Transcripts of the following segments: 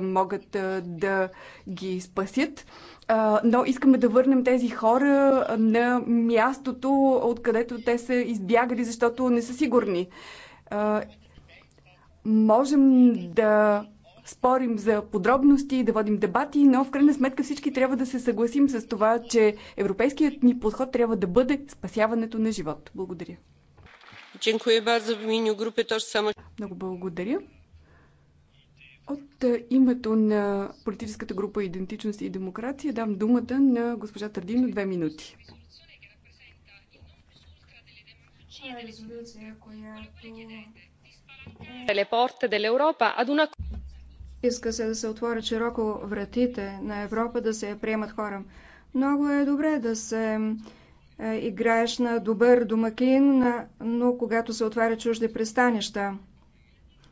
могат да ги спасят. Но искаме да върнем тези хора на мястото, откъдето те са избягали, защото не са сигурни. Можем да спорим за подробности, да водим дебати, но в крайна сметка всички трябва да се съгласим с това, че европейският ни подход трябва да бъде спасяването на живот. Благодаря. Много благодаря. От е, името на политическата група Идентичност и демокрация дам думата на госпожа Тардино две минути. Иска се да се отворят широко вратите на Европа да се приемат хора. Много е добре да се е, играеш на добър домакин, но когато се отварят чужди пристанища,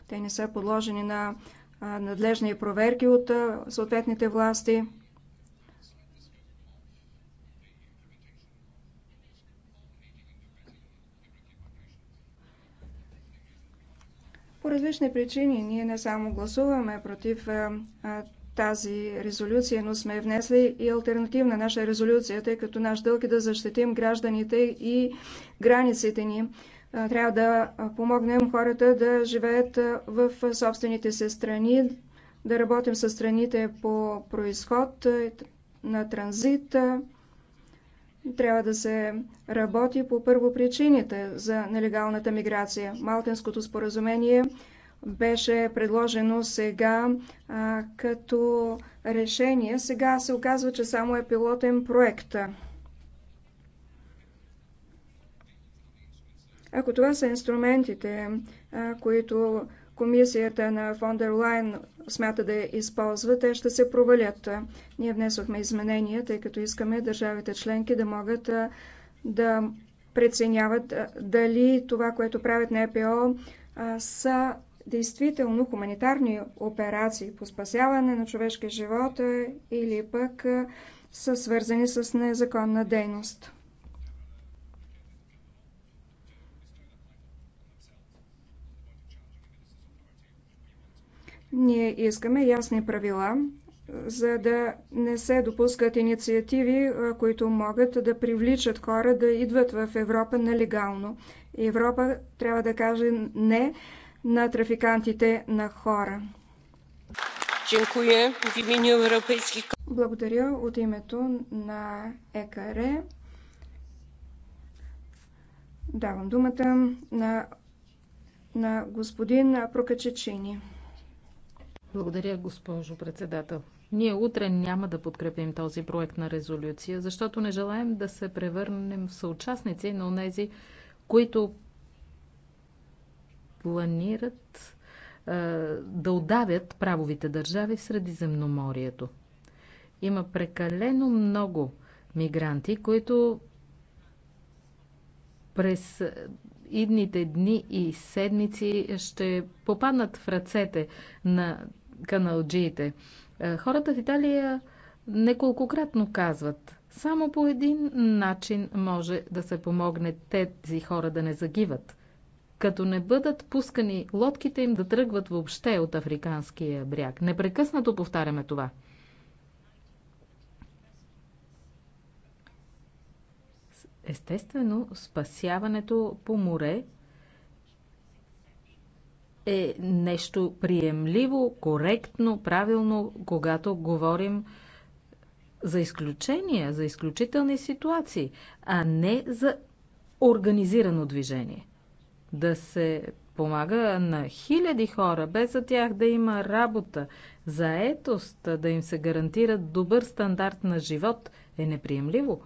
те не са подложени на надлежни проверки от съответните власти. По различни причини ние не само гласуваме против тази резолюция, но сме внесли и альтернативна наша резолюция, тъй като наш дълг е да защитим гражданите и границите ни. Трябва да помогнем хората да живеят в собствените си страни, да работим с страните по происход, на транзит. Трябва да се работи по първопричините за нелегалната миграция. Малтенското споразумение беше предложено сега а, като решение. Сега се оказва, че само е пилотен проект. Ако това са инструментите, които комисията на Фондер Лайн смята да използва, те ще се провалят. Ние внесохме изменения, тъй като искаме държавите членки да могат да преценяват дали това, което правят на НПО, са действително хуманитарни операции по спасяване на човешки живот или пък са свързани с незаконна дейност. Ние искаме ясни правила, за да не се допускат инициативи, които могат да привличат хора да идват в Европа нелегално. Европа трябва да каже не на трафикантите на хора. Благодаря от името на ЕКР. Давам думата на, на господин Прокачечини. Благодаря, госпожо председател. Ние утре няма да подкрепим този проект на резолюция, защото не желаем да се превърнем в съучастници на тези, които планират е, да удавят правовите държави в Средиземноморието. Има прекалено много мигранти, които през идните дни и седмици ще попаднат в ръцете на каналджиите. Е, хората в Италия неколкократно казват, само по един начин може да се помогне тези хора да не загиват. Като не бъдат пускани лодките им да тръгват въобще от африканския бряг. Непрекъснато повтаряме това. Естествено, спасяването по море е нещо приемливо, коректно, правилно, когато говорим за изключения, за изключителни ситуации, а не за организирано движение. Да се помага на хиляди хора, без за тях да има работа, заетост, да им се гарантира добър стандарт на живот, е неприемливо.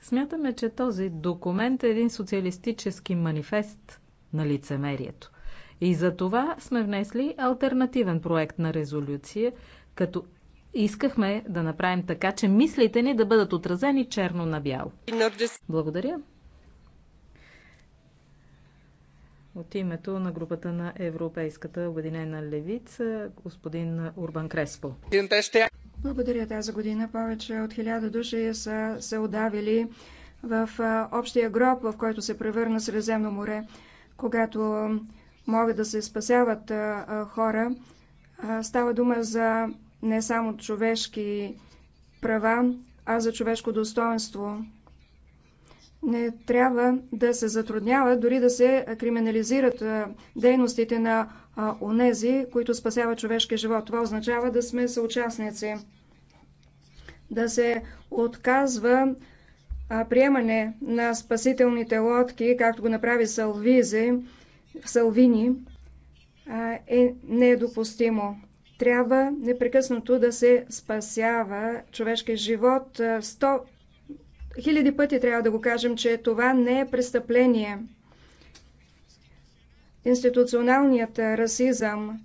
Смятаме, че този документ е един социалистически манифест на лицемерието. И за това сме внесли альтернативен проект на резолюция, като искахме да направим така, че мислите ни да бъдат отразени черно на бяло. Благодаря. От името на групата на Европейската обединена левица, господин Урбан Креспо. Благодаря тази година. Повече от хиляда души са се удавили в общия гроб, в който се превърна Средиземно море, когато могат да се спасяват хора. Става дума за не само човешки права, а за човешко достоинство. Не трябва да се затруднява, дори да се криминализират дейностите на онези, които спасяват човешки живот. Това означава да сме съучастници. Да се отказва приемане на спасителните лодки, както го направи Салвизи, Салвини е недопустимо. Трябва непрекъснато да се спасява човешкия живот. Сто хиляди пъти трябва да го кажем, че това не е престъпление. Институционалният расизъм,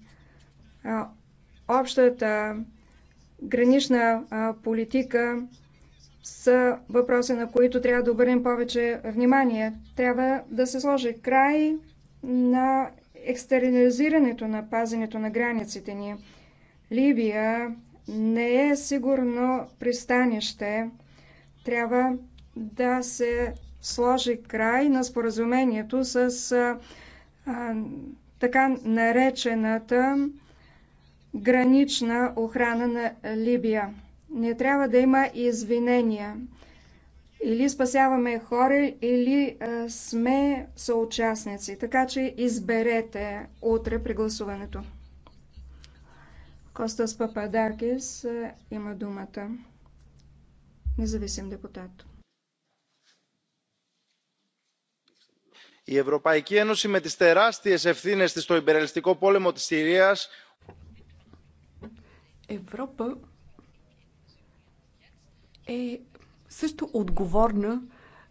общата гранична политика са въпроси, на които трябва да обърнем повече внимание. Трябва да се сложи край на екстернализирането на пазенето на границите ни. Либия не е сигурно пристанище. Трябва да се сложи край на споразумението с а, така наречената гранична охрана на Либия. Не трябва да има извинения. Или спасяваме хора, или а, сме съучастници. Така че изберете утре при гласуването. Костас Пападакис има думата. Независим депутат. Η Ευρωπαϊκή Ένωση με τις τεράστιες ευθύνες της στο υπερελιστικό πόλεμο της Συρίας Европа е също отговорна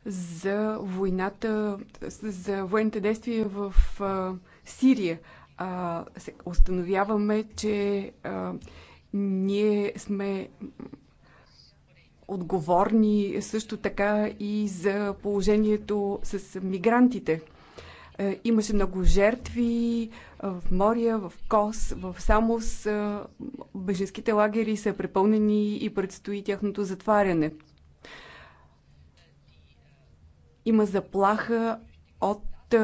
за войната, за военните действия в а, Сирия. А, се, установяваме, че а, ние сме отговорни също така и за положението с мигрантите. А, имаше много жертви а, в Мория, в Кос, в Самос. Беженските лагери са препълнени и предстои тяхното затваряне. Има заплаха от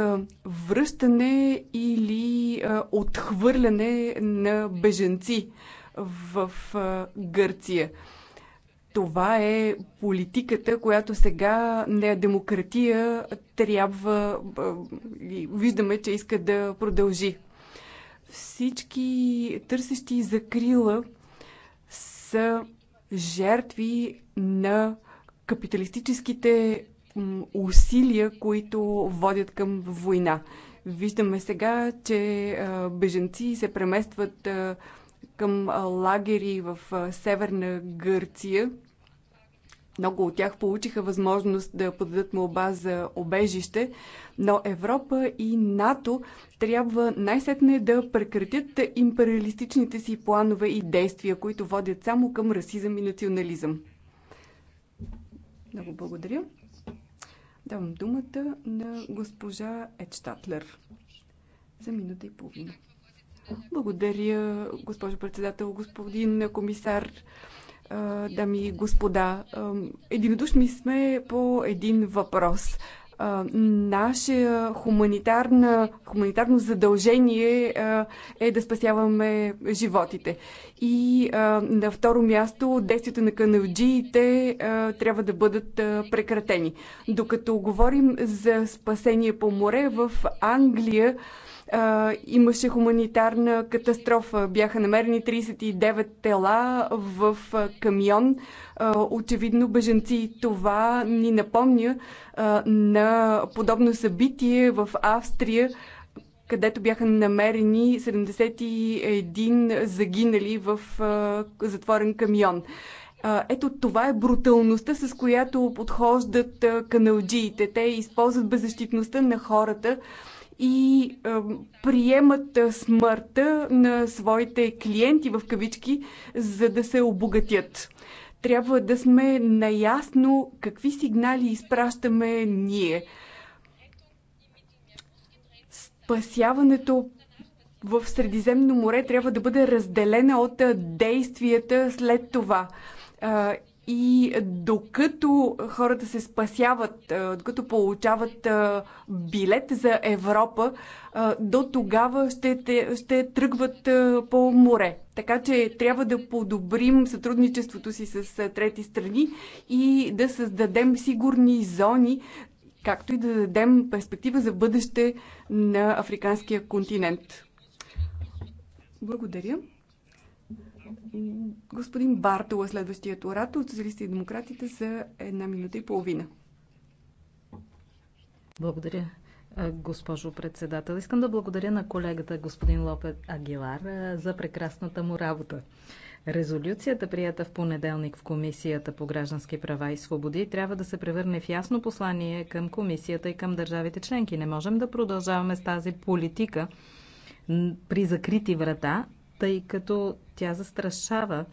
връщане или отхвърляне на беженци в Гърция. Това е политиката, която сега не демократия трябва. Виждаме, че иска да продължи. Всички търсещи закрила са жертви на капиталистическите усилия, които водят към война. Виждаме сега, че беженци се преместват към лагери в северна Гърция. Много от тях получиха възможност да подадат молба за обежище, но Европа и НАТО трябва най-сетне да прекратят империалистичните си планове и действия, които водят само към расизъм и национализъм. Много благодаря. Давам думата на госпожа Едштатлер за минута и половина. Благодаря, госпожо председател, господин комисар, дами и господа. Единодушни сме по един въпрос, наше хуманитарно задължение е да спасяваме животите. И на второ място, действията на каналджиите трябва да бъдат прекратени. Докато говорим за спасение по море, в Англия а, имаше хуманитарна катастрофа. Бяха намерени 39 тела в камион. А, очевидно, беженци това ни напомня а, на подобно събитие в Австрия, където бяха намерени 71 загинали в а, затворен камион. Ето това е бруталността, с която подхождат каналджиите. Те използват беззащитността на хората и а, приемат смъртта на своите клиенти в кавички, за да се обогатят. Трябва да сме наясно какви сигнали изпращаме ние. Спасяването в Средиземно море трябва да бъде разделена от действията след това и докато хората се спасяват, докато получават билет за Европа, до тогава ще, ще тръгват по море. Така че трябва да подобрим сътрудничеството си с трети страни и да създадем сигурни зони, както и да дадем перспектива за бъдеще на африканския континент. Благодаря. Господин Бартол е следващият оратор от Социалисти и демократите за една минута и половина. Благодаря. Госпожо председател, искам да благодаря на колегата господин Лопет Агилар за прекрасната му работа. Резолюцията, прията в понеделник в Комисията по граждански права и свободи, трябва да се превърне в ясно послание към Комисията и към държавите членки. Не можем да продължаваме с тази политика при закрити врата тъй като тя застрашава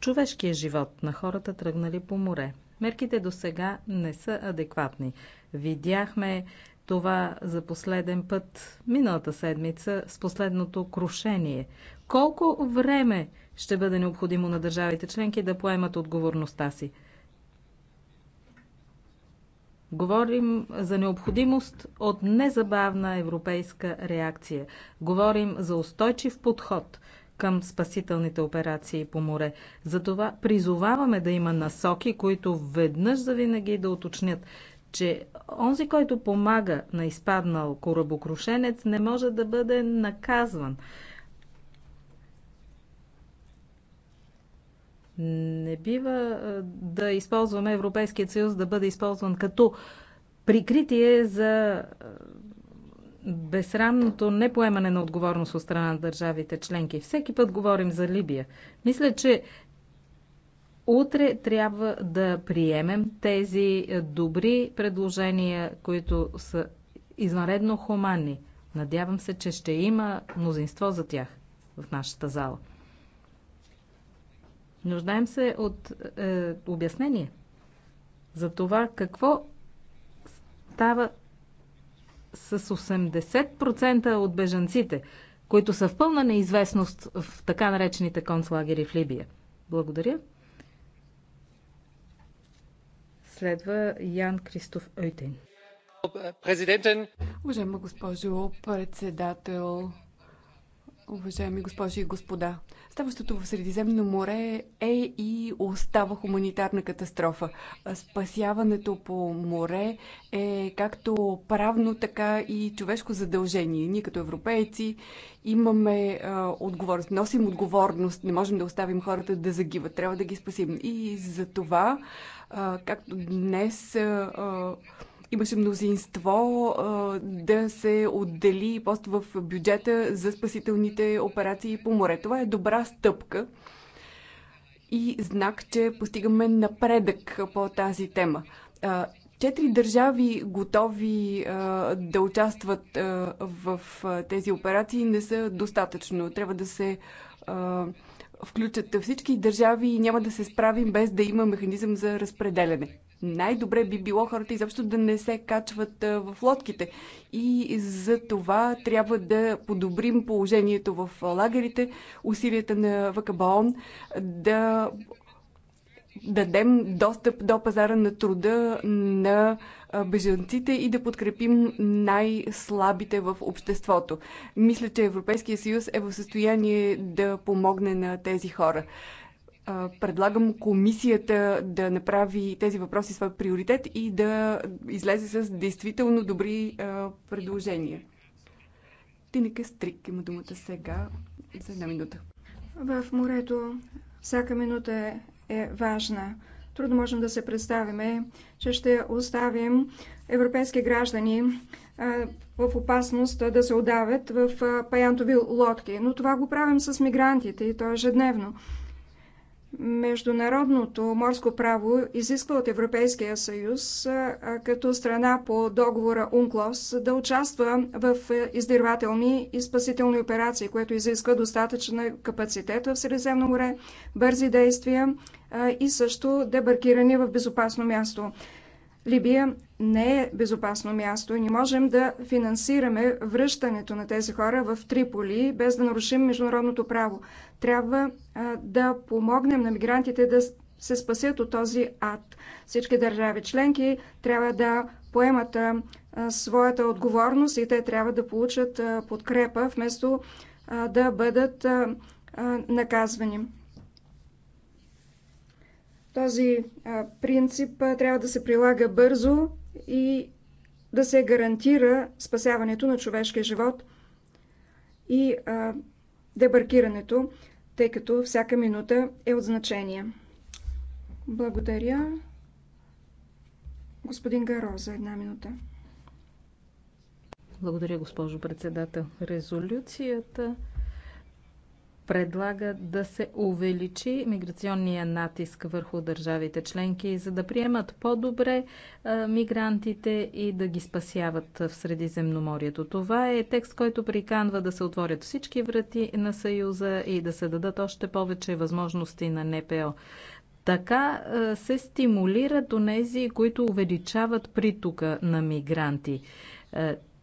човешкия живот на хората, тръгнали по море. Мерките до сега не са адекватни. Видяхме това за последен път миналата седмица с последното крушение. Колко време ще бъде необходимо на държавите членки да поемат отговорността си? Говорим за необходимост от незабавна европейска реакция. Говорим за устойчив подход към спасителните операции по море. Затова призоваваме да има насоки, които веднъж завинаги да уточнят, че онзи, който помага на изпаднал корабокрушенец, не може да бъде наказван. Не бива да използваме Европейският съюз да бъде използван като прикритие за безсрамното непоемане на отговорност от страна на държавите членки. Всеки път говорим за Либия. Мисля, че утре трябва да приемем тези добри предложения, които са извънредно хуманни. Надявам се, че ще има мнозинство за тях в нашата зала. Нуждаем се от е, обяснение за това какво става с 80% от бежанците, които са в пълна неизвестност в така наречените концлагери в Либия. Благодаря. Следва Ян Кристоф Ойтен. Уважаема госпожо председател, уважаеми госпожи и господа. Оставащото в Средиземно море е и остава хуманитарна катастрофа. Спасяването по море е както правно, така и човешко задължение. Ние като европейци имаме а, отговорност, носим отговорност, не можем да оставим хората да загиват, трябва да ги спасим. И за това, а, както днес. а, имаше мнозинство да се отдели пост в бюджета за спасителните операции по море. Това е добра стъпка и знак, че постигаме напредък по тази тема. Четири държави готови а, да участват а, в а, тези операции не са достатъчно. Трябва да се а, включат всички държави и няма да се справим без да има механизъм за разпределене най-добре би било хората изобщо да не се качват в лодките. И за това трябва да подобрим положението в лагерите, усилията на ВКБОН да дадем достъп до пазара на труда на бежанците и да подкрепим най-слабите в обществото. Мисля, че Европейския съюз е в състояние да помогне на тези хора предлагам комисията да направи тези въпроси свой приоритет и да излезе с действително добри предложения. Тинека Стрик има думата сега за една минута. В морето всяка минута е, е важна. Трудно можем да се представиме, че ще оставим европейски граждани в опасност да се удавят в паянтови лодки. Но това го правим с мигрантите и то ежедневно. Е Международното морско право изисква от Европейския съюз като страна по договора УНКЛОС да участва в е, издирвателни и спасителни операции, което изисква достатъчна капацитет в Средиземно море, бързи действия и също дебаркиране в безопасно място. Либия не е безопасно място и не можем да финансираме връщането на тези хора в Триполи, без да нарушим международното право. Трябва а, да помогнем на мигрантите да се спасят от този ад. Всички държави членки трябва да поемат а, своята отговорност и те трябва да получат а, подкрепа, вместо а, да бъдат а, а, наказвани. Този принцип трябва да се прилага бързо и да се гарантира спасяването на човешкия живот и дебаркирането, тъй като всяка минута е от значение. Благодаря. Господин Гаро за една минута. Благодаря, госпожо председател. Резолюцията предлага да се увеличи миграционния натиск върху държавите членки, за да приемат по-добре мигрантите и да ги спасяват в Средиземноморието. Това е текст, който приканва да се отворят всички врати на Съюза и да се дадат още повече възможности на НПО. Така се стимулират онези, които увеличават притока на мигранти.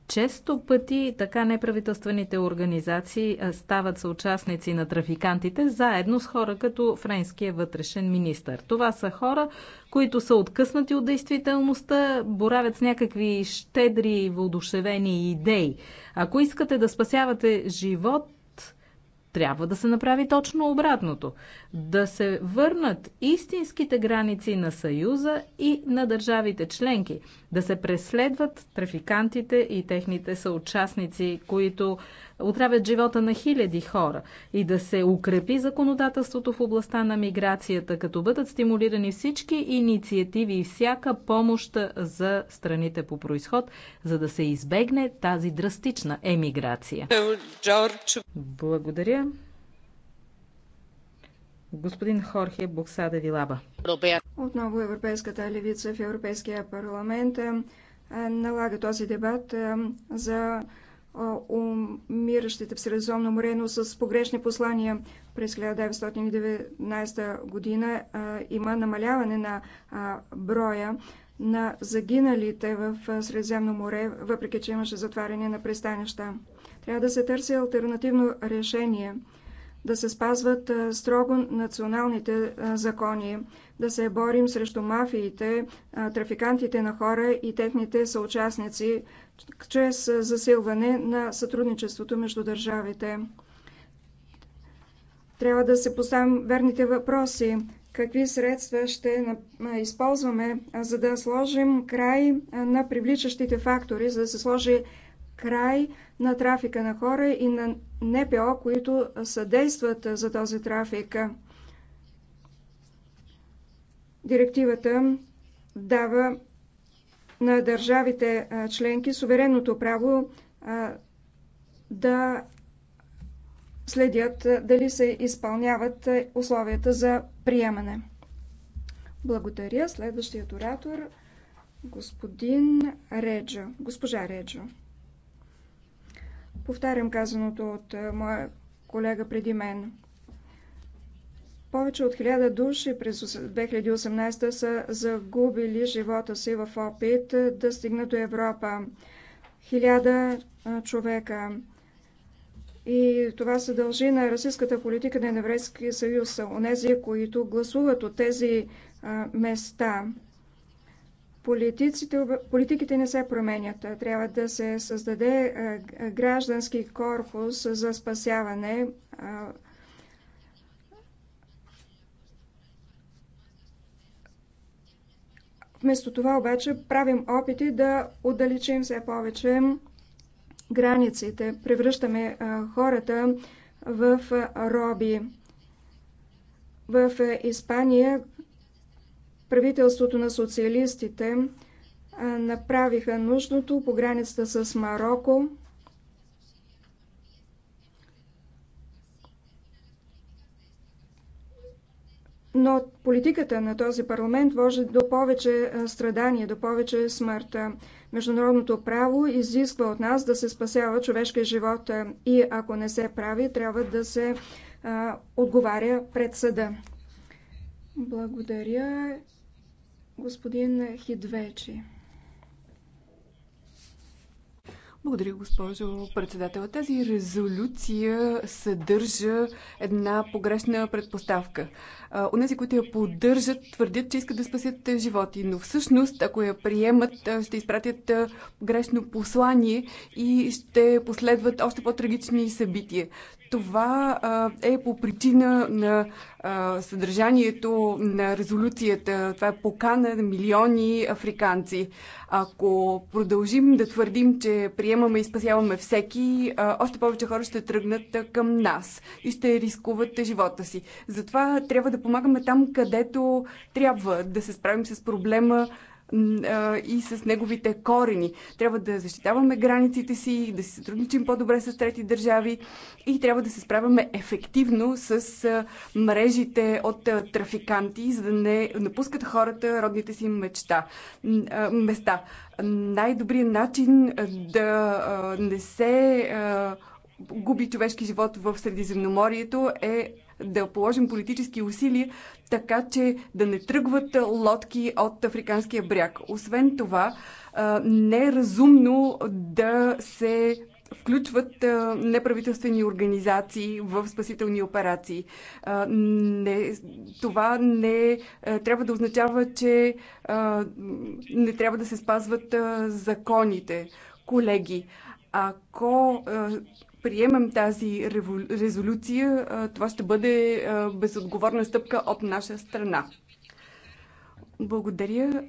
Често пъти така неправителствените организации стават съучастници на трафикантите, заедно с хора като френския вътрешен министр. Това са хора, които са откъснати от действителността, боравят с някакви щедри, воодушевени идеи. Ако искате да спасявате живот, трябва да се направи точно обратното. Да се върнат истинските граници на Съюза и на държавите членки. Да се преследват трафикантите и техните съучастници, които отравят живота на хиляди хора и да се укрепи законодателството в областта на миграцията, като бъдат стимулирани всички инициативи и всяка помощ за страните по происход, за да се избегне тази драстична емиграция. Благодаря. Господин Хорхе Буксаде Вилаба. Отново Европейската левица в Европейския парламент налага този дебат за умиращите в Средиземно море, но с погрешни послания. През 1919 година има намаляване на броя на загиналите в Средиземно море, въпреки че имаше затваряне на пристанища. Трябва да се търси альтернативно решение, да се спазват строго националните закони, да се борим срещу мафиите, трафикантите на хора и техните съучастници, чрез засилване на сътрудничеството между държавите. Трябва да се поставим верните въпроси. Какви средства ще използваме, за да сложим край на привличащите фактори, за да се сложи край на трафика на хора и на НПО, които съдействат за този трафик. Директивата дава на държавите членки суверенното право да следят дали се изпълняват условията за приемане. Благодаря. Следващият оратор господин Реджо. Госпожа Реджо. Повтарям казаното от моя колега преди мен. Повече от хиляда души през 2018 са загубили живота си в опит е, да стигнат до Европа. Хиляда е, човека. И това се дължи на расистската политика на Еврейския съюз, онези, които гласуват от тези а, е, места. Политиците, политиките не се променят. Трябва да се създаде а, граждански корпус за спасяване. А, Вместо това обаче правим опити да отдалечим все повече границите, превръщаме хората в роби. В Испания правителството на социалистите направиха нужното по границата с Марокко. Политиката на този парламент води до повече страдания, до повече смърт. Международното право изисква от нас да се спасява човешкия живот и ако не се прави, трябва да се а, отговаря пред съда. Благодаря, господин Хидвечи. Благодаря, госпожо председател. Тази резолюция съдържа една погрешна предпоставка. Онези, които я поддържат, твърдят, че искат да спасят животи, но всъщност, ако я приемат, ще изпратят грешно послание и ще последват още по-трагични събития. Това е по причина на съдържанието на резолюцията. Това е покана на милиони африканци. Ако продължим да твърдим, че приемаме и спасяваме всеки, още повече хора ще тръгнат към нас и ще рискуват живота си. Затова трябва да помагаме там, където трябва да се справим с проблема и с неговите корени. Трябва да защитаваме границите си, да си сътрудничим по-добре с трети държави и трябва да се справяме ефективно с мрежите от трафиканти, за да не напускат хората родните си мечта, места. Най-добрият начин да не се губи човешки живот в Средиземноморието е да положим политически усилия, така че да не тръгват лодки от Африканския бряг. Освен това, не е разумно да се включват неправителствени организации в спасителни операции. не, това не трябва да означава, че не трябва да се спазват законите. Колеги, ако приемем тази резолюция, това ще бъде безотговорна стъпка от наша страна. Благодаря.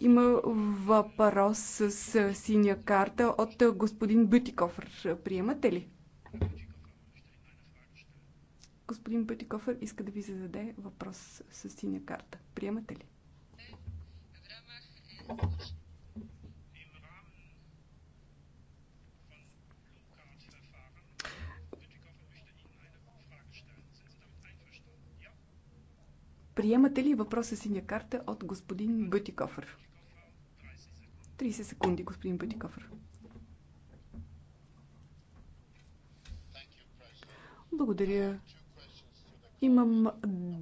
Има въпрос с синя карта от господин Бютикофър. Приемате ли? Господин Бютикофър иска да ви зададе въпрос с синя карта. Приемате ли? Приемате ли въпроса синя карта от господин Бютикофър? 30 секунди, господин Бютикофър. Благодаря. Имам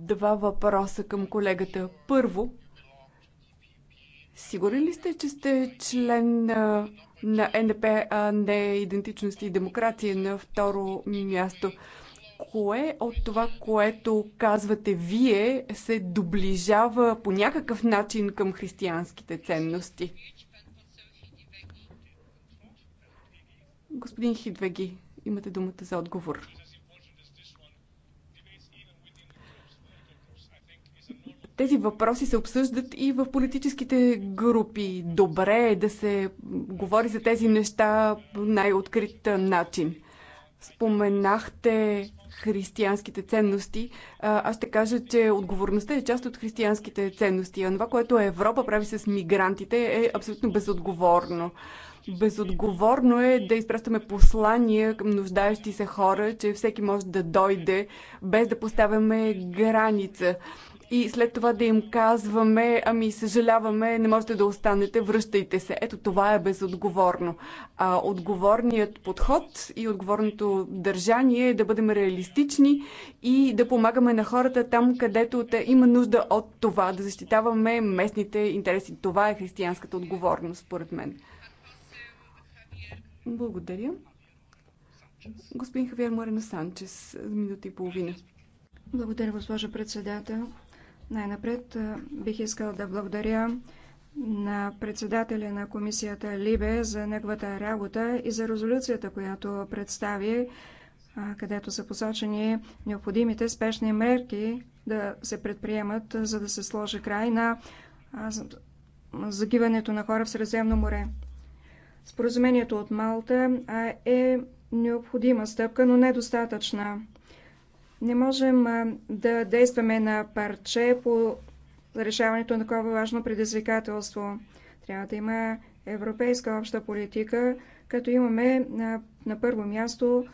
два въпроса към колегата. Първо, сигурен ли сте, че сте член на, на НДП, а не идентичност и демокрация на второ място? кое от това, което казвате вие, се доближава по някакъв начин към християнските ценности? Господин Хидвеги, имате думата за отговор. Тези въпроси се обсъждат и в политическите групи. Добре е да се говори за тези неща по най-открит начин. Споменахте християнските ценности. Аз ще кажа, че отговорността е част от християнските ценности. А това, което Европа прави с мигрантите, е абсолютно безотговорно. Безотговорно е да изпращаме послания към нуждаещи се хора, че всеки може да дойде, без да поставяме граница и след това да им казваме, ами съжаляваме, не можете да останете, връщайте се. Ето това е безотговорно. А отговорният подход и отговорното държание е да бъдем реалистични и да помагаме на хората там, където те има нужда от това, да защитаваме местните интереси. Това е християнската отговорност, според мен. Благодаря. Господин Хавиер Морено Санчес, минута и половина. Благодаря, госпожо председател. Най-напред бих искал да благодаря на председателя на комисията Либе за неговата работа и за резолюцията, която представи, където са посочени необходимите спешни мерки да се предприемат, за да се сложи край на загиването на хора в Средземно море. Споразумението от Малта е необходима стъпка, но недостатъчна. Не можем да действаме на парче по решаването на такова важно предизвикателство. Трябва да има европейска обща политика, като имаме на, на първо място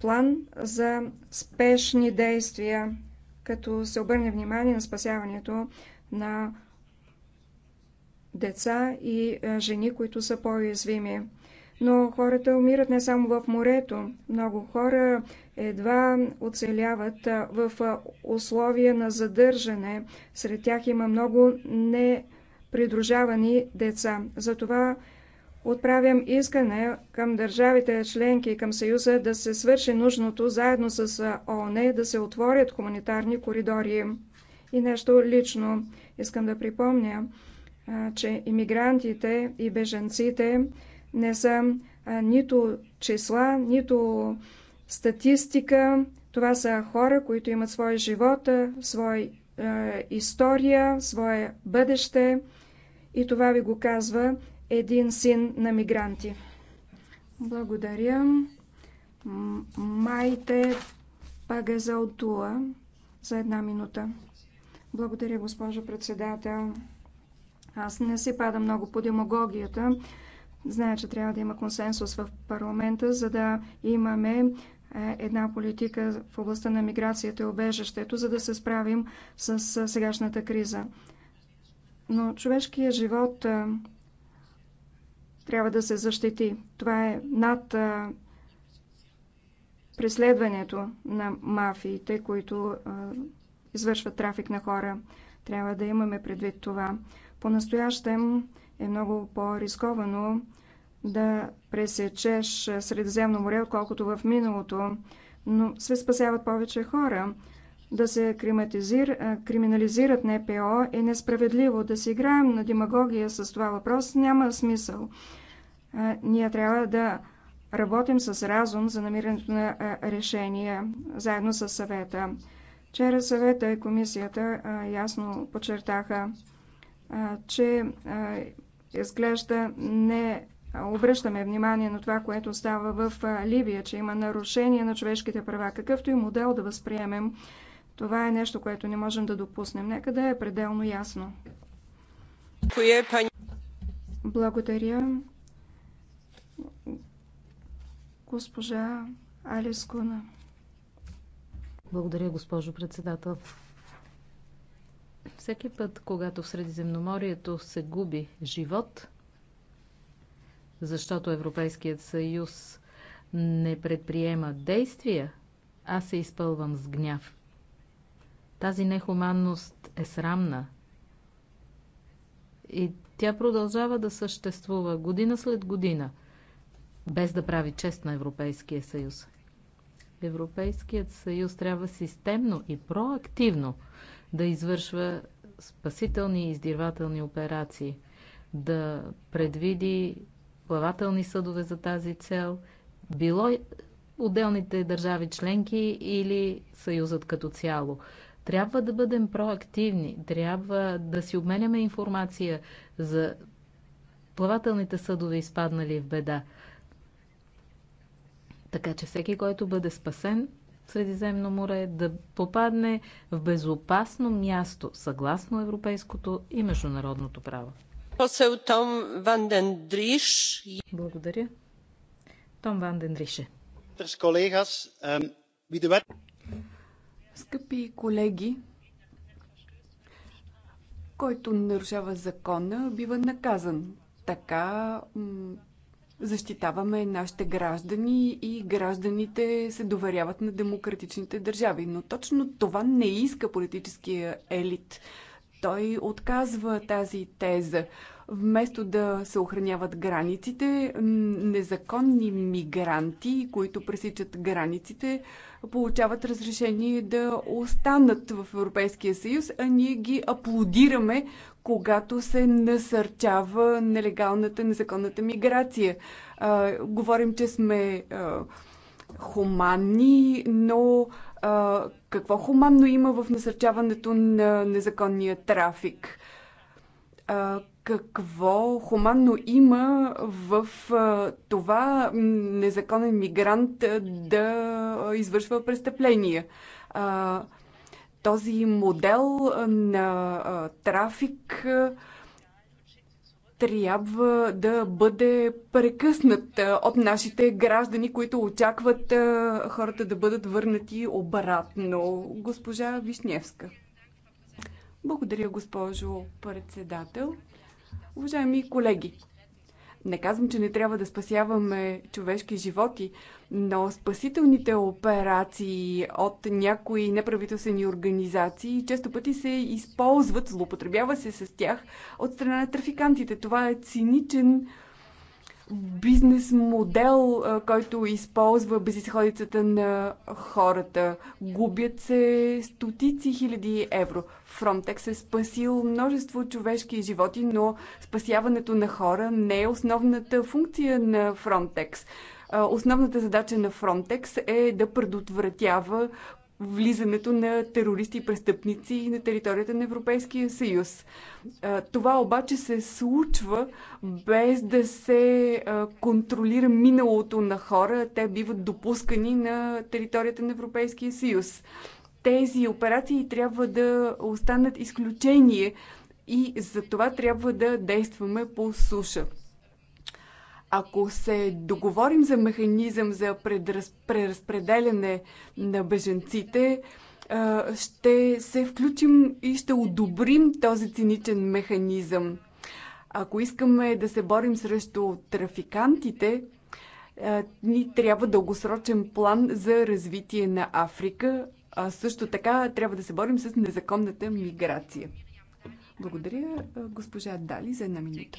план за спешни действия, като се обърне внимание на спасяването на деца и жени, които са по-уязвими но хората умират не само в морето. Много хора едва оцеляват в условия на задържане. Сред тях има много непридружавани деца. Затова отправям искане към държавите членки и към Съюза да се свърши нужното заедно с ООН да се отворят хуманитарни коридори. И нещо лично искам да припомня, че иммигрантите и беженците не са нито числа, нито статистика. Това са хора, които имат своя живот, своя история, свое бъдеще. И това ви го казва един син на мигранти. Благодаря. Майте Пагазалтуа за една минута. Благодаря, госпожо председател. Аз не си пада много по демагогията, знаят, че трябва да има консенсус в парламента, за да имаме е, една политика в областта на миграцията и обежището, за да се справим с сегашната криза. Но човешкият живот е, трябва да се защити. Това е над е, преследването на мафиите, които извършват трафик на хора. Трябва да имаме предвид това. По-настоящем е много по-рисковано да пресечеш Средиземно море, отколкото в миналото, но се спасяват повече хора. Да се криминализират НПО е несправедливо. Да си играем на демагогия с това въпрос няма смисъл. Ние трябва да работим с разум за намирането на решения, заедно с съвета. Вчера съвета и комисията ясно подчертаха, че изглежда не обръщаме внимание на това, което става в Ливия, че има нарушение на човешките права. Какъвто и модел да възприемем, това е нещо, което не можем да допуснем. Нека да е пределно ясно. Благодаря. Госпожа Алис Куна. Благодаря, госпожо председател. Всеки път, когато в Средиземноморието се губи живот, защото Европейският съюз не предприема действия, аз се изпълвам с гняв. Тази нехуманност е срамна. И тя продължава да съществува година след година, без да прави чест на Европейския съюз. Европейският съюз трябва системно и проактивно да извършва спасителни и издирвателни операции, да предвиди плавателни съдове за тази цел, било отделните държави членки или Съюзът като цяло. Трябва да бъдем проактивни, трябва да си обменяме информация за плавателните съдове, изпаднали в беда. Така че всеки, който бъде спасен, Средиземно море да попадне в безопасно място съгласно европейското и международното право. Благодаря. Том Ван Дендрише. Скъпи колеги, който нарушава закона, бива наказан. Така защитаваме нашите граждани и гражданите се доверяват на демократичните държави. Но точно това не иска политическия елит. Той отказва тази теза. Вместо да се охраняват границите, незаконни мигранти, които пресичат границите, получават разрешение да останат в Европейския съюз, а ние ги аплодираме, когато се насърчава нелегалната, незаконната миграция. А, говорим, че сме а, хуманни, но а, какво хуманно има в насърчаването на незаконния трафик? какво хуманно има в това незаконен мигрант да извършва престъпления. Този модел на трафик трябва да бъде прекъснат от нашите граждани, които очакват хората да бъдат върнати обратно. Госпожа Вишневска. Благодаря, госпожо председател. Уважаеми колеги, не казвам, че не трябва да спасяваме човешки животи, но спасителните операции от някои неправителствени организации често пъти се използват, злоупотребява се с тях от страна на трафикантите. Това е циничен бизнес модел, който използва безисходицата на хората. Губят се стотици хиляди евро. Фронтек е спасил множество човешки животи, но спасяването на хора не е основната функция на Фронтекс. Основната задача на Фронтекс е да предотвратява влизането на терористи и престъпници на територията на Европейския съюз. Това обаче се случва без да се контролира миналото на хора. Те биват допускани на територията на Европейския съюз. Тези операции трябва да останат изключение и за това трябва да действаме по суша. Ако се договорим за механизъм за предраз... преразпределяне на беженците, ще се включим и ще одобрим този циничен механизъм. Ако искаме да се борим срещу трафикантите, ни трябва дългосрочен план за развитие на Африка, а също така трябва да се борим с незаконната миграция. Благодаря госпожа Дали за една минута.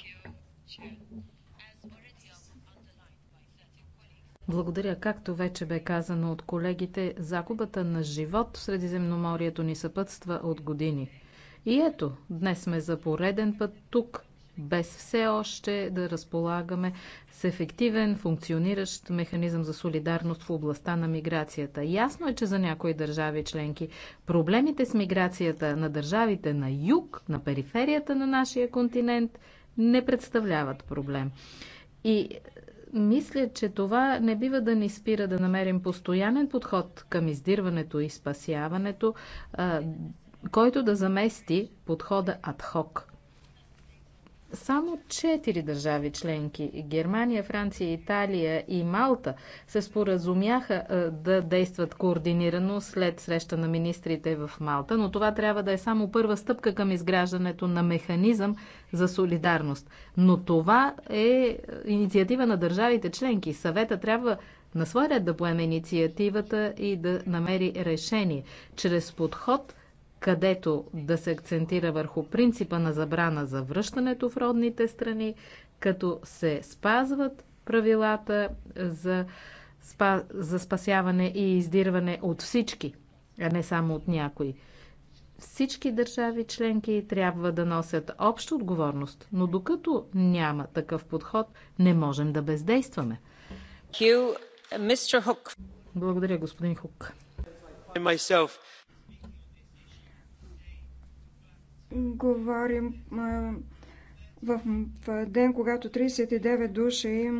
Благодаря. Както вече бе казано от колегите, загубата на живот в Средиземноморието ни съпътства от години. И ето, днес сме за пореден път тук, без все още да разполагаме с ефективен, функциониращ механизъм за солидарност в областта на миграцията. Ясно е, че за някои държави членки проблемите с миграцията на държавите на юг, на периферията на нашия континент, не представляват проблем. И мисля, че това не бива да ни спира да намерим постоянен подход към издирването и спасяването, който да замести подхода адхок. Само четири държави членки Германия, Франция, Италия и Малта се споразумяха е, да действат координирано след среща на министрите в Малта, но това трябва да е само първа стъпка към изграждането на механизъм за солидарност. Но това е инициатива на държавите членки. Съвета трябва на своя ред да поеме инициативата и да намери решение чрез подход – където да се акцентира върху принципа на забрана за връщането в родните страни, като се спазват правилата за, спа, за спасяване и издирване от всички, а не само от някои. Всички държави членки трябва да носят обща отговорност, но докато няма такъв подход, не можем да бездействаме. Благодаря, господин Хук. говорим в ден, когато 39 души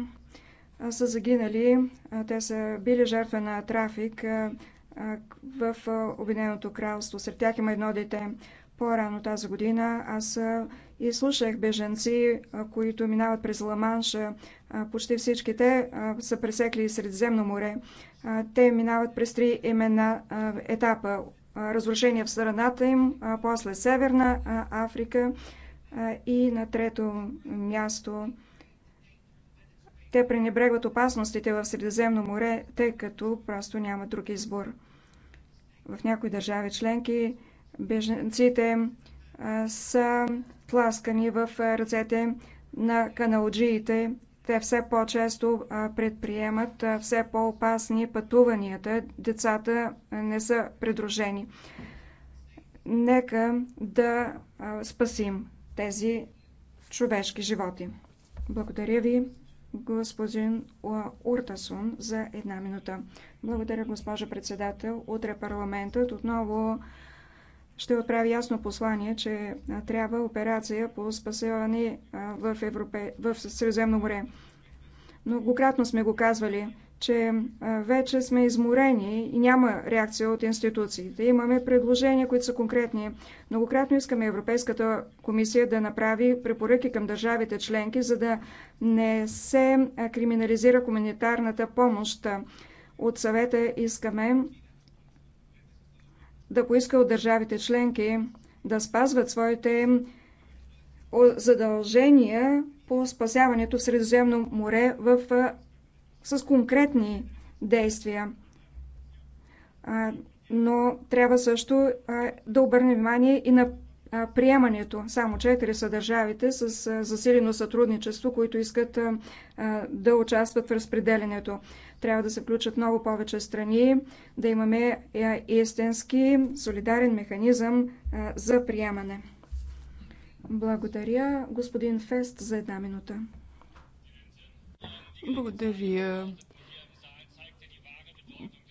са загинали. Те са били жертва на трафик в Обединеното кралство. Сред тях има едно дете. По-рано тази година аз и слушах беженци, които минават през Ламанша. Почти всички те са пресекли Средиземно море. Те минават през три имена етапа разрушения в страната им, после Северна Африка и на трето място те пренебрегват опасностите в Средиземно море, тъй като просто няма друг избор. В някои държави членки беженците са тласкани в ръцете на каналджиите те все по-често предприемат все по-опасни пътуванията. Децата не са придружени. Нека да спасим тези човешки животи. Благодаря ви, господин Уртасун, за една минута. Благодаря, госпожа председател. Утре парламентът отново ще отправи ясно послание, че трябва операция по спасяване в, Европе... в Средиземно море. Многократно сме го казвали, че вече сме изморени и няма реакция от институциите. Имаме предложения, които са конкретни. Многократно искаме Европейската комисия да направи препоръки към държавите членки, за да не се криминализира хуманитарната помощ. От съвета искаме да поиска от държавите членки да спазват своите задължения по спасяването в Средиземно море в, с конкретни действия. Но трябва също да обърнем внимание и на приемането. Само четири са държавите с засилено сътрудничество, които искат да участват в разпределянето. Трябва да се включат много повече страни, да имаме е, истински солидарен механизъм е, за приемане. Благодаря, господин Фест, за една минута. Благодаря.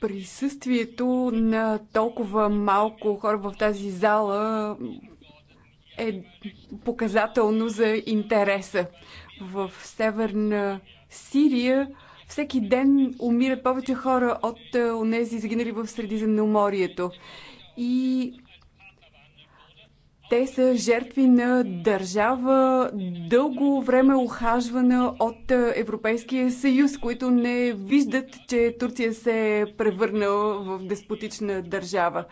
Присъствието на толкова малко хора в тази зала е показателно за интереса. В Северна Сирия всеки ден умират повече хора от е, онези загинали в Средиземноморието. И те са жертви на държава, дълго време охажвана от е, Европейския съюз, които не виждат, че Турция се е превърнала в деспотична държава.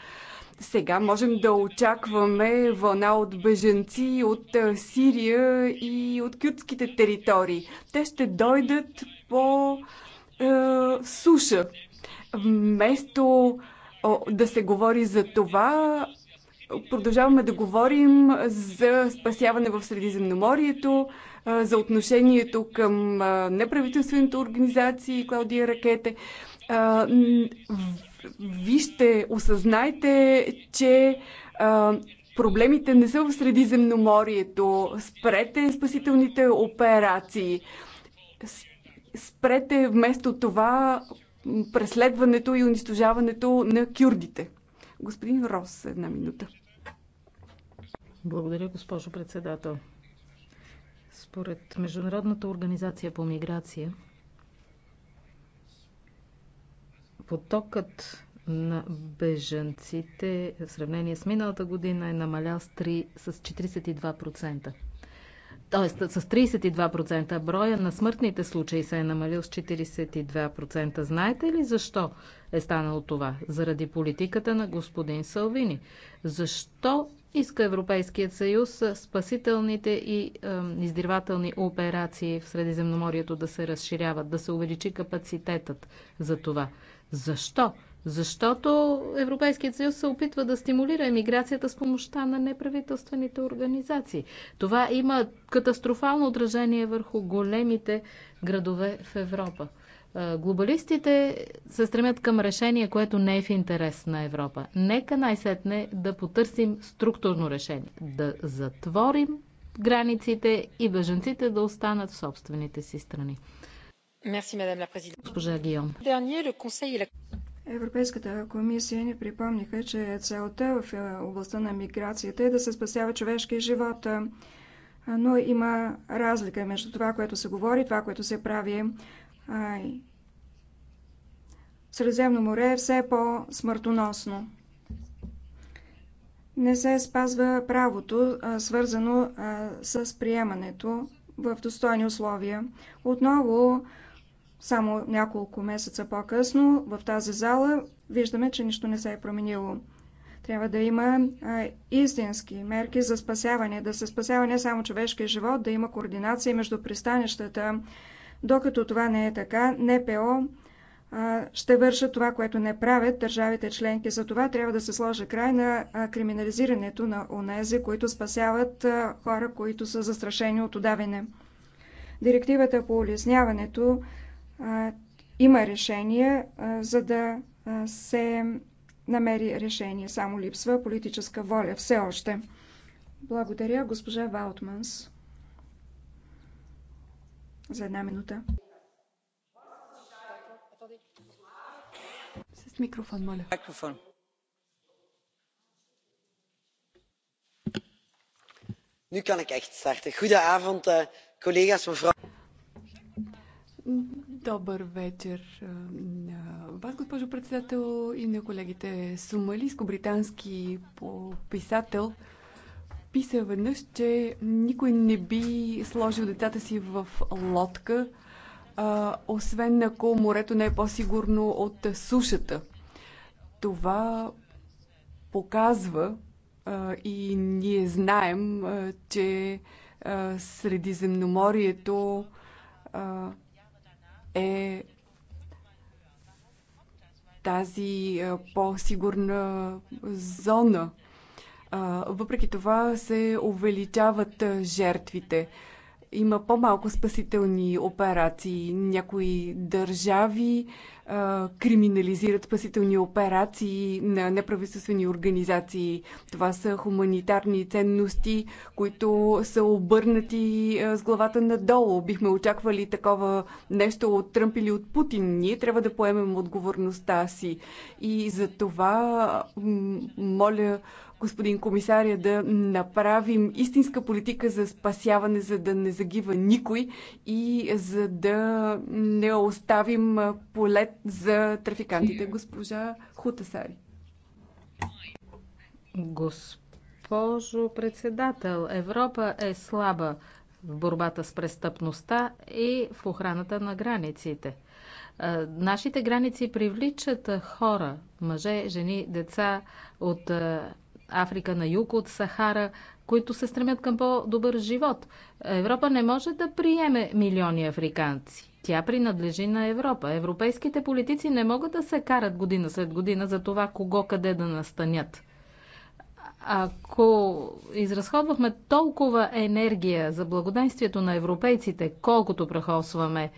Сега можем да очакваме вълна от беженци от е, Сирия и от кютските територии. Те ще дойдат по е, суша. Вместо да се говори за това, продължаваме да говорим за спасяване в Средиземноморието, е, за отношението към е, неправителствените организации, Клаудия Ракете вижте, осъзнайте, че а, проблемите не са в Средиземноморието. Спрете спасителните операции. Спрете вместо това преследването и унищожаването на кюрдите. Господин Рос, една минута. Благодаря, госпожо председател. Според Международната организация по миграция, потокът на бежанците в сравнение с миналата година е намалял с, 3, с 42%. Тоест с 32%. Броя на смъртните случаи се е намалил с 42%. Знаете ли защо е станало това? Заради политиката на господин Салвини. Защо иска Европейският съюз спасителните и е, издирвателни операции в Средиземноморието да се разширяват, да се увеличи капацитетът за това? Защо? Защото Европейският съюз се опитва да стимулира емиграцията с помощта на неправителствените организации. Това има катастрофално отражение върху големите градове в Европа. Глобалистите се стремят към решение, което не е в интерес на Европа. Нека най-сетне да потърсим структурно решение. Да затворим границите и беженците да останат в собствените си страни. Европейската комисия ни припомниха, че целта в е, областта на миграцията е да се спасява човешки живот. Но има разлика между това, което се говори и това, което се прави. Средиземно море е все по-смъртоносно. Не се спазва правото, свързано с приемането в достойни условия. Отново само няколко месеца по-късно в тази зала виждаме, че нищо не се е променило. Трябва да има а, истински мерки за спасяване, да се спасява не само човешкия живот, да има координация между пристанищата. Докато това не е така, НПО а, ще вършат това, което не правят държавите членки. За това трябва да се сложи край на а, криминализирането на онези, които спасяват а, хора, които са застрашени от удавене. Директивата по улесняването има решение, за да се намери решение. Само липсва политическа воля все още. Благодаря, госпожа Ваутманс. За една минута. С микрофон, моля. Микрофон. Nu kan ik echt starten. Goedenavond, eh, collega's, mevrouw. Добър вечер на вас, госпожо председател, и на колегите. сумалиско британски писател писа веднъж, че никой не би сложил децата си в лодка, а, освен ако морето не е по-сигурно от сушата. Това показва а, и ние знаем, а, че а, Средиземноморието а, е тази е, по-сигурна зона. Въпреки това се увеличават е, жертвите има по-малко спасителни операции. Някои държави а, криминализират спасителни операции на неправителствени организации. Това са хуманитарни ценности, които са обърнати а, с главата надолу. Бихме очаквали такова нещо от Тръмп или от Путин. Ние трябва да поемем отговорността си. И за това моля господин комисаря, да направим истинска политика за спасяване, за да не загива никой и за да не оставим полет за трафикантите. Госпожа Хутасари. Госпожо председател, Европа е слаба в борбата с престъпността и в охраната на границите. Нашите граници привличат хора, мъже, жени, деца от Африка на юг от Сахара, които се стремят към по-добър живот. Европа не може да приеме милиони африканци. Тя принадлежи на Европа. Европейските политици не могат да се карат година след година за това кого къде да настанят. Ако изразходвахме толкова енергия за благоденствието на европейците, колкото прахосваме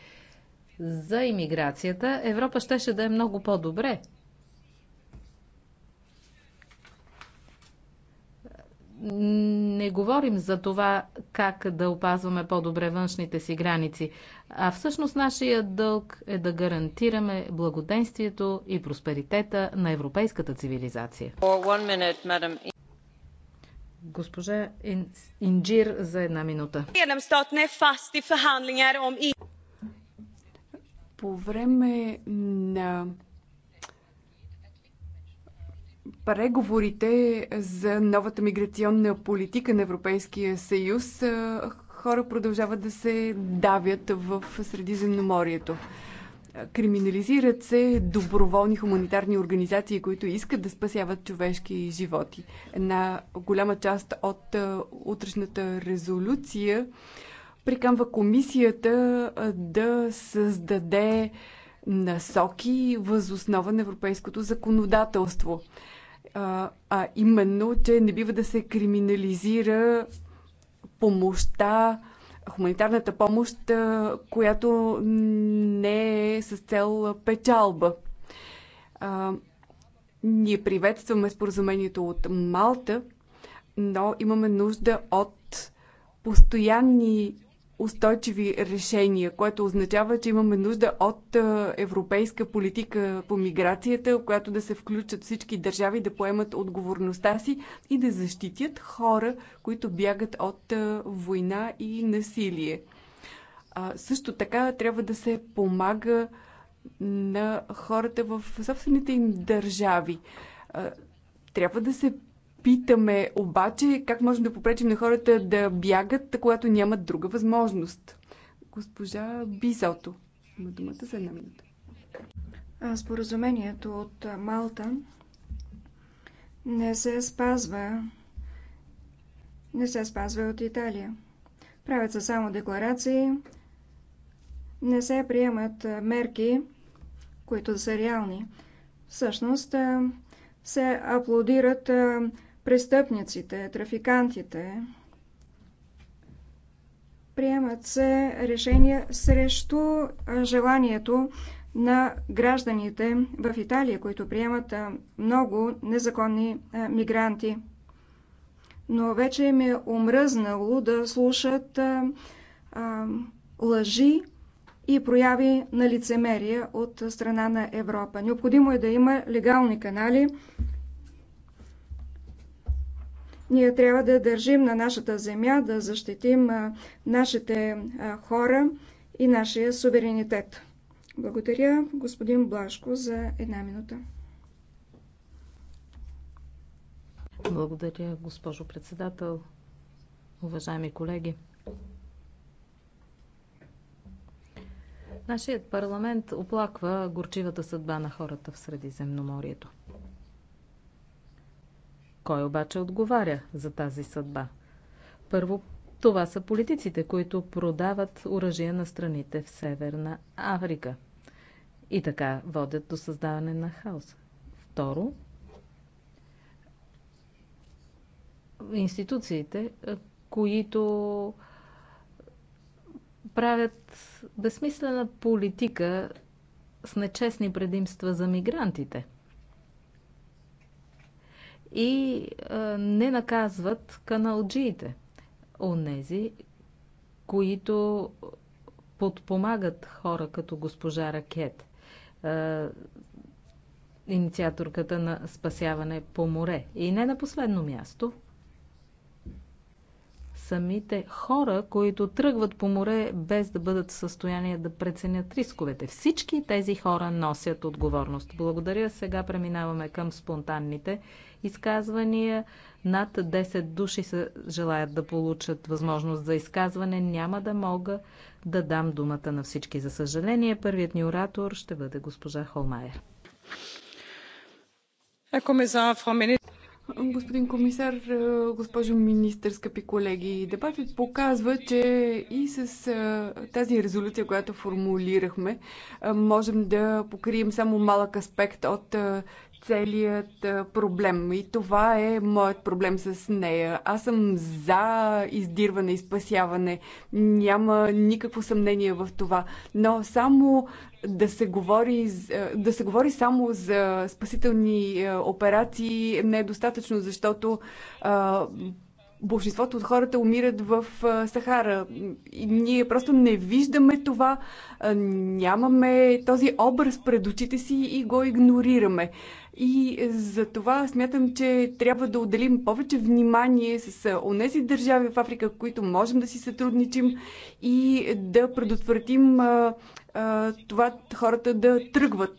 за имиграцията, Европа щеше да е много по-добре. не говорим за това как да опазваме по-добре външните си граници, а всъщност нашия дълг е да гарантираме благоденствието и просперитета на европейската цивилизация. Minute, Госпожа Ин... Инджир за една минута. По време на преговорите за новата миграционна политика на Европейския съюз хора продължават да се давят в Средиземноморието. Криминализират се доброволни хуманитарни организации, които искат да спасяват човешки животи. Една голяма част от утрешната резолюция прикамва комисията да създаде насоки възоснова на европейското законодателство а, а именно, че не бива да се криминализира помощта, хуманитарната помощ, която не е с цел печалба. А, ние приветстваме споразумението от Малта, но имаме нужда от постоянни устойчиви решения, което означава, че имаме нужда от е, европейска политика по миграцията, в която да се включат всички държави, да поемат отговорността си и да защитят хора, които бягат от е, война и насилие. А, също така трябва да се помага на хората в собствените им държави. А, трябва да се питаме обаче как можем да попречим на хората да бягат, когато нямат друга възможност. Госпожа Бисалто има думата за една минута. Споразумението от Малта не се спазва. Не се спазва от Италия. Правят се само декларации, не се приемат мерки, които са реални. Всъщност се аплодират престъпниците, трафикантите. Приемат се решения срещу желанието на гражданите в Италия, които приемат много незаконни мигранти. Но вече ми е омръзнало да слушат а, а, лъжи и прояви на лицемерие от страна на Европа. Необходимо е да има легални канали ние трябва да държим на нашата земя, да защитим нашите хора и нашия суверенитет. Благодаря, господин Блашко, за една минута. Благодаря, госпожо председател. Уважаеми колеги, нашият парламент оплаква горчивата съдба на хората в Средиземноморието. Кой обаче отговаря за тази съдба? Първо, това са политиците, които продават оръжие на страните в Северна Африка. И така водят до създаване на хаос. Второ, институциите, които правят безсмислена политика с нечестни предимства за мигрантите и не наказват каналджиите, онези, които подпомагат хора като госпожа Ракет, инициаторката на спасяване по море. И не на последно място – самите хора, които тръгват по море без да бъдат в състояние да преценят рисковете. Всички тези хора носят отговорност. Благодаря. Сега преминаваме към спонтанните изказвания. Над 10 души се желаят да получат възможност за изказване. Няма да мога да дам думата на всички. За съжаление, първият ни оратор ще бъде госпожа Холмайер. Herr Kommissar, Frau Господин комисар, е, госпожо министър, скъпи колеги, дебатът показва, че и с е, тази резолюция, която формулирахме, е, можем да покрием само малък аспект от целият проблем. И това е моят проблем с нея. Аз съм за издирване и спасяване. Няма никакво съмнение в това. Но само да се говори, да се говори само за спасителни операции не е достатъчно, защото Большинството от хората умират в Сахара. И ние просто не виждаме това, нямаме този образ пред очите си и го игнорираме. И за това смятам, че трябва да отделим повече внимание с онези държави в Африка, които можем да си сътрудничим и да предотвратим това хората да тръгват.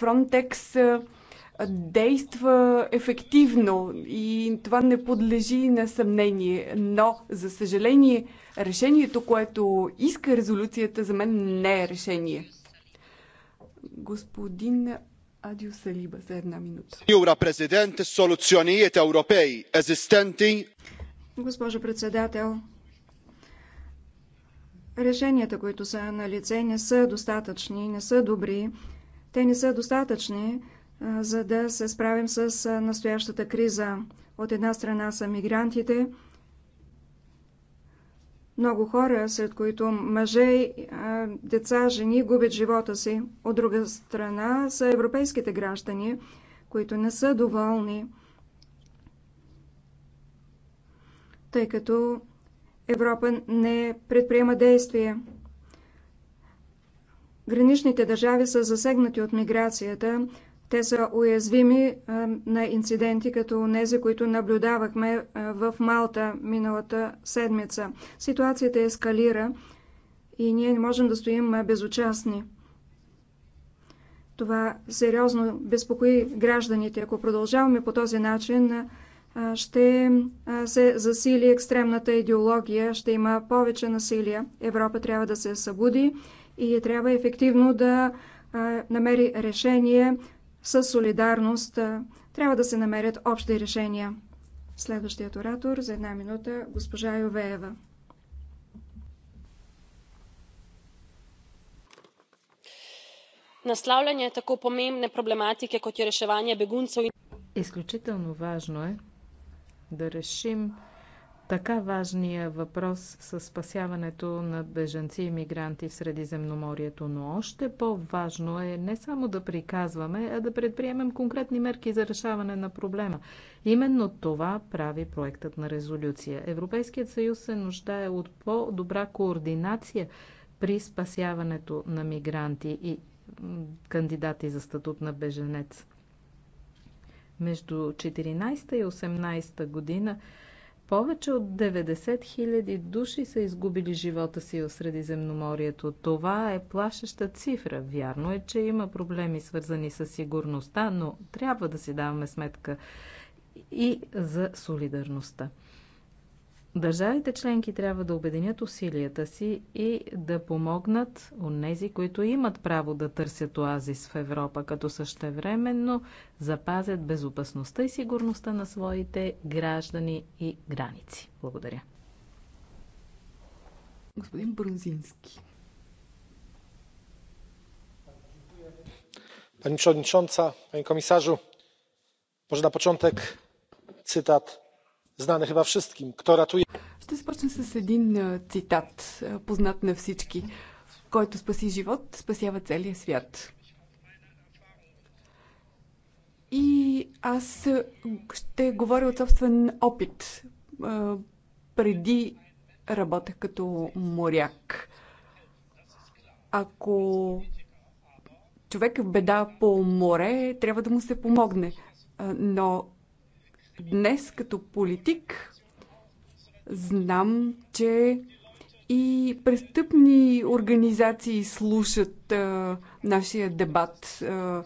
Frontex действа ефективно и това не подлежи на съмнение. Но, за съжаление, решението, което иска резолюцията, за мен не е решение. Господин Адио Салиба за една минута. Юра президент, солюциониите европей, езистенти. Госпожо председател, решенията, които са на лице, не са достатъчни, не са добри. Те не са достатъчни, за да се справим с настоящата криза. От една страна са мигрантите, много хора, сред които мъже, деца, жени губят живота си. От друга страна са европейските граждани, които не са доволни, тъй като Европа не предприема действие. Граничните държави са засегнати от миграцията, те са уязвими на инциденти, като тези, които наблюдавахме в Малта миналата седмица. Ситуацията ескалира и ние не можем да стоим безучастни. Това сериозно безпокои гражданите. Ако продължаваме по този начин, ще се засили екстремната идеология, ще има повече насилие. Европа трябва да се събуди и трябва ефективно да намери решение с солидарност трябва да се намерят общи решения. Следващият оратор за една минута госпожа Йовеева. е тако pomembne problematike, като е reševanje бегунцов. Изключително важно е да решим така важния въпрос с спасяването на бежанци и мигранти в Средиземноморието. Но още по-важно е не само да приказваме, а да предприемем конкретни мерки за решаване на проблема. Именно това прави проектът на резолюция. Европейският съюз се нуждае от по-добра координация при спасяването на мигранти и кандидати за статут на беженец. Между 14 и 18 година повече от 90 000 души са изгубили живота си в Средиземноморието. Това е плашеща цифра. Вярно е, че има проблеми свързани с сигурността, но трябва да си даваме сметка и за солидарността. Държавите членки трябва да обединят усилията си и да помогнат онези, които имат право да търсят оазис в Европа, като същевременно запазят безопасността и сигурността на своите граждани и граници. Благодаря. Господин Брунзински. Pani przewodnicząca, panie komisarzu, może na początek cytat знане хиба всичким, кто ратуе. Ще започна с един цитат, познат на всички. Който спаси живот, спасява целия свят. И аз ще говоря от собствен опит. Преди работех като моряк. Ако човек е в беда по море, трябва да му се помогне. Но Днес като политик знам, че и престъпни организации слушат а, нашия дебат. А,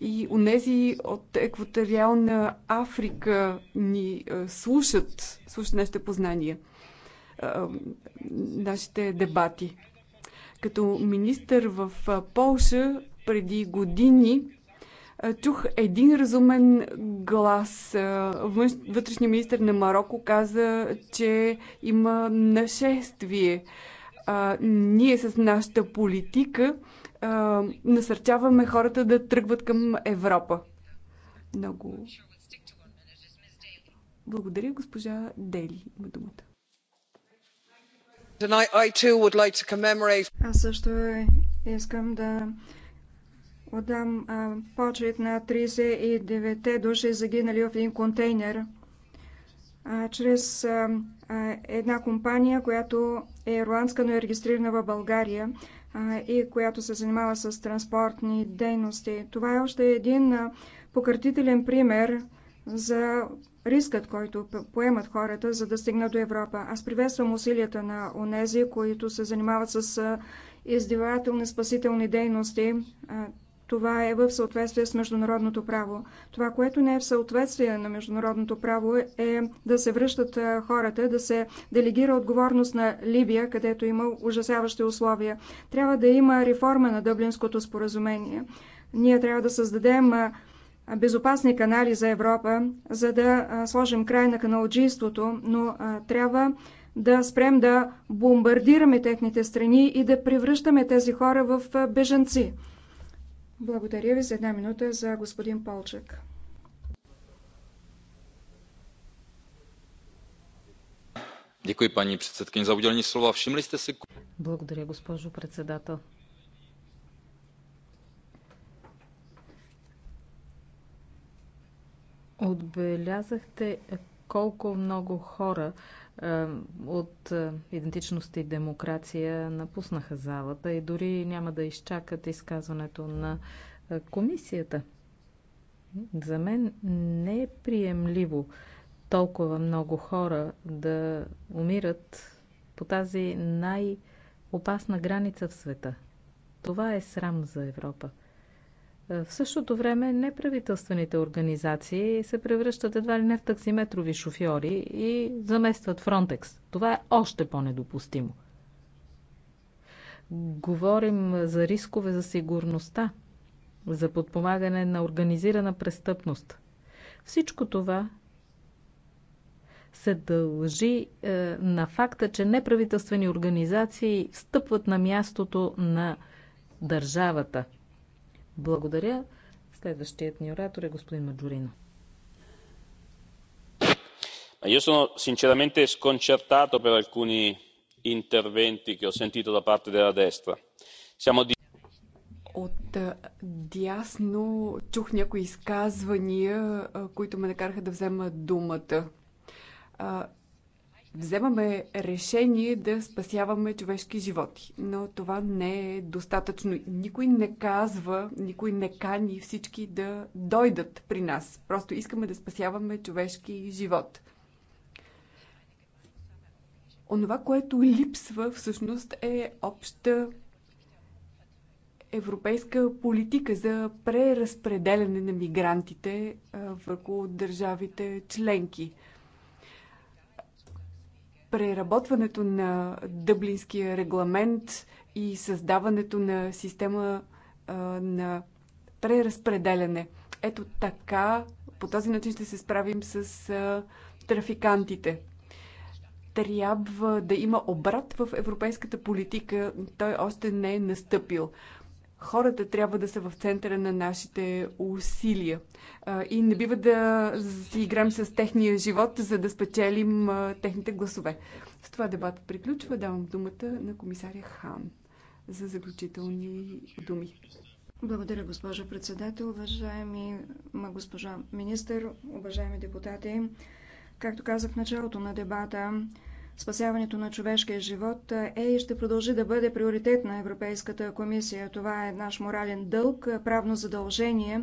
и унези от екваториална Африка ни а, слушат, слушат нашите познания, а, нашите дебати. Като министър в Полша преди години е, чух един разумен глас. Е, Вътрешния министр на Марокко каза, че има нашествие. Ние с нашата политика насърчаваме хората да тръгват към Европа. Много. Благодаря, госпожа Дели. Има думата. Аз също искам да отдам почет на 39-те души загинали в един контейнер чрез една компания, която е ирландска, но е регистрирана в България и която се занимава с транспортни дейности. Това е още един пократителен пример за рискът, който поемат хората, за да стигнат до Европа. Аз приветствам усилията на онези, които се занимават с издевателни спасителни дейности това е в съответствие с международното право. Това, което не е в съответствие на международното право е да се връщат хората, да се делегира отговорност на Либия, където има ужасяващи условия. Трябва да има реформа на Дъблинското споразумение. Ние трябва да създадем безопасни канали за Европа, за да сложим край на каналджийството, но трябва да спрем да бомбардираме техните страни и да превръщаме тези хора в беженци. Благодаря ви за една минута за господин за уделени слова. Вшимли сте се... Благодаря, госпожо председател. Отбелязахте колко много хора е, от е, идентичност и демокрация напуснаха залата и дори няма да изчакат изказването на е, комисията. За мен не е приемливо толкова много хора да умират по тази най-опасна граница в света. Това е срам за Европа. Е, в същото време неправителствените организации се превръщат едва ли не в таксиметрови шофьори и заместват Фронтекс. Това е още по-недопустимо. Говорим за рискове за сигурността, за подпомагане на организирана престъпност. Всичко това се дължи е, на факта, че неправителствени организации стъпват на мястото на държавата – благодаря. Следващият ни оратор е господин Маджурино. Io sono sinceramente sconcertato per alcuni interventi che ho sentito da parte della destra. Siamo di... От дясно чух някои изказвания, които ме накараха да взема думата вземаме решение да спасяваме човешки животи. Но това не е достатъчно. Никой не казва, никой не кани всички да дойдат при нас. Просто искаме да спасяваме човешки живот. Онова, което липсва всъщност е обща европейска политика за преразпределяне на мигрантите върху държавите членки – преработването на Дъблинския регламент и създаването на система а, на преразпределяне. Ето така, по този начин ще се справим с а, трафикантите. Трябва да има обрат в европейската политика. Той още не е настъпил. Хората трябва да са в центъра на нашите усилия. И не бива да си играем с техния живот, за да спечелим техните гласове. С това дебат приключва. Давам думата на комисаря Хан за заключителни думи. Благодаря, госпожо председател, уважаеми госпожа министър, уважаеми депутати. Както казах в началото на дебата, Спасяването на човешкия живот е, е и ще продължи да бъде приоритет на Европейската комисия. Това е наш морален дълг, правно задължение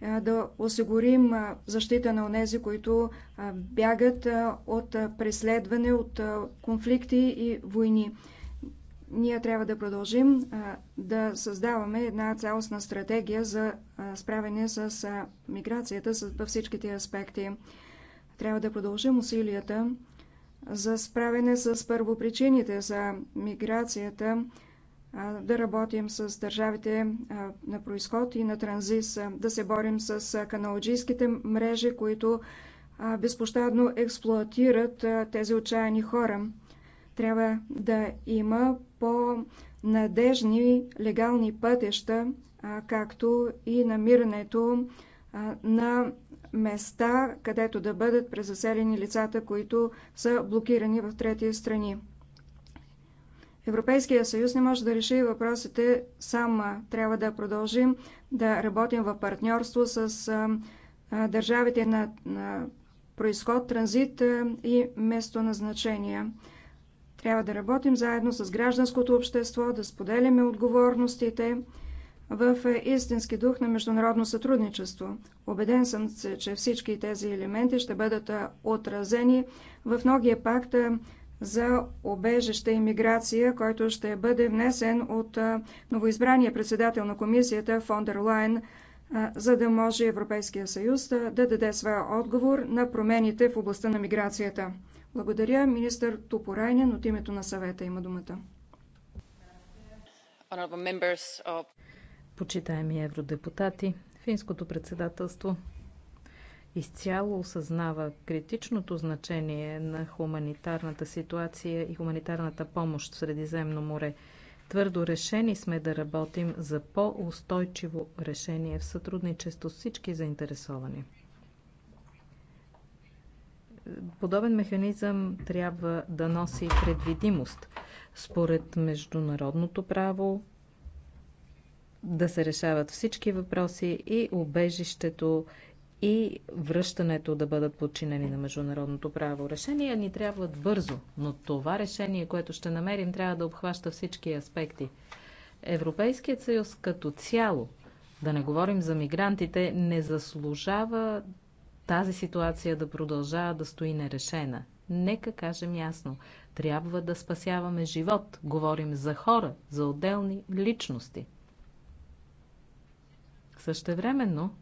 е, да осигурим е, защита на онези, които бягат от преследване, от конфликти и войни. Ние трябва да продължим да създаваме една цялостна стратегия за справяне с миграцията във всичките аспекти. Трябва да продължим усилията за справяне с първопричините за миграцията, да работим с държавите на происход и на транзис, да се борим с каналджийските мрежи, които безпощадно експлоатират тези отчаяни хора. Трябва да има по-надежни легални пътища, както и намирането на места, където да бъдат презаселени лицата, които са блокирани в трети страни. Европейския съюз не може да реши въпросите сам. Трябва да продължим да работим в партньорство с държавите на, на происход, транзит и местоназначения. Трябва да работим заедно с гражданското общество, да споделяме отговорностите в истински дух на международно сътрудничество. Обеден съм, се, че всички тези елементи ще бъдат отразени в многия пакт за обежище и миграция, който ще бъде внесен от новоизбрания председател на комисията Фондер Лайн, за да може Европейския съюз да даде своя отговор на промените в областта на миграцията. Благодаря. Министър Топорайнен от името на съвета има думата почитаеми евродепутати, финското председателство изцяло осъзнава критичното значение на хуманитарната ситуация и хуманитарната помощ в Средиземно море. Твърдо решени сме да работим за по-устойчиво решение в сътрудничество с всички заинтересовани. Подобен механизъм трябва да носи предвидимост според международното право, да се решават всички въпроси и убежището и връщането да бъдат подчинени на международното право. Решения ни трябват бързо, но това решение, което ще намерим, трябва да обхваща всички аспекти. Европейският съюз като цяло, да не говорим за мигрантите, не заслужава тази ситуация да продължава да стои нерешена. Нека кажем ясно, трябва да спасяваме живот. Говорим за хора, за отделни личности. Същевременно,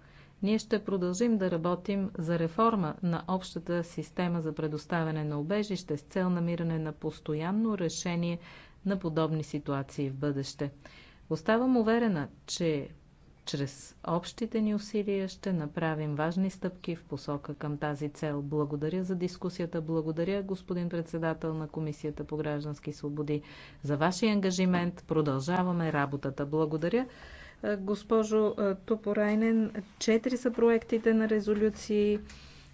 ние ще продължим да работим за реформа на общата система за предоставяне на убежище с цел намиране на постоянно решение на подобни ситуации в бъдеще. Оставам уверена, че чрез общите ни усилия ще направим важни стъпки в посока към тази цел. Благодаря за дискусията, благодаря господин председател на Комисията по граждански свободи за вашия ангажимент. Продължаваме работата. Благодаря. Е, госпожо е, Топорайнен, четири са проектите на резолюции,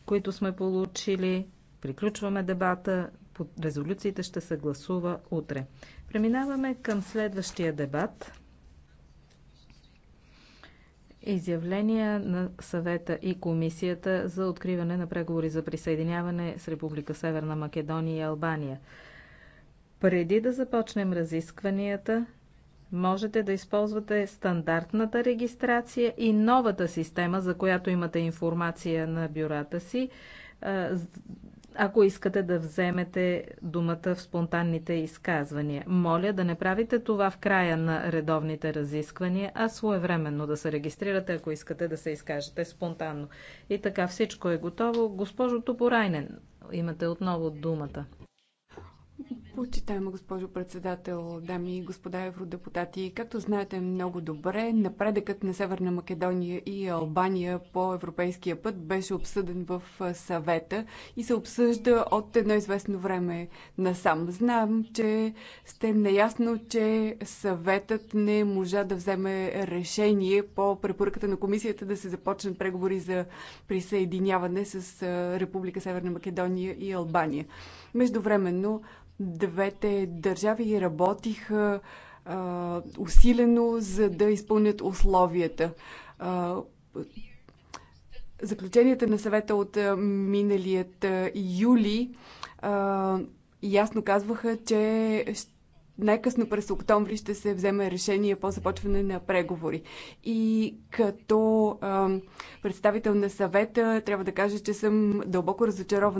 които сме получили. Приключваме дебата. По резолюциите ще се гласува утре. Преминаваме към следващия дебат. Изявления на съвета и комисията за откриване на преговори за присъединяване с Република Северна Македония и Албания. Преди да започнем разискванията, можете да използвате стандартната регистрация и новата система, за която имате информация на бюрата си, ако искате да вземете думата в спонтанните изказвания. Моля да не правите това в края на редовните разисквания, а своевременно да се регистрирате, ако искате да се изкажете спонтанно. И така всичко е готово. Госпожо Топорайнен, имате отново думата. Почитаема госпожо председател, дами и господа евродепутати, както знаете много добре, напредъкът на Северна Македония и Албания по европейския път беше обсъден в съвета и се обсъжда от едно известно време насам. Знам, че сте наясно, че съветът не можа да вземе решение по препоръката на комисията да се започнат преговори за присъединяване с Република Северна Македония и Албания. Междувременно Двете държави работиха а, усилено, за да изпълнят условията. А, заключенията на съвета от миналият юли а, ясно казваха, че най-късно през октомври ще се вземе решение по започване на преговори. И като а, представител на съвета трябва да кажа, че съм дълбоко разочарована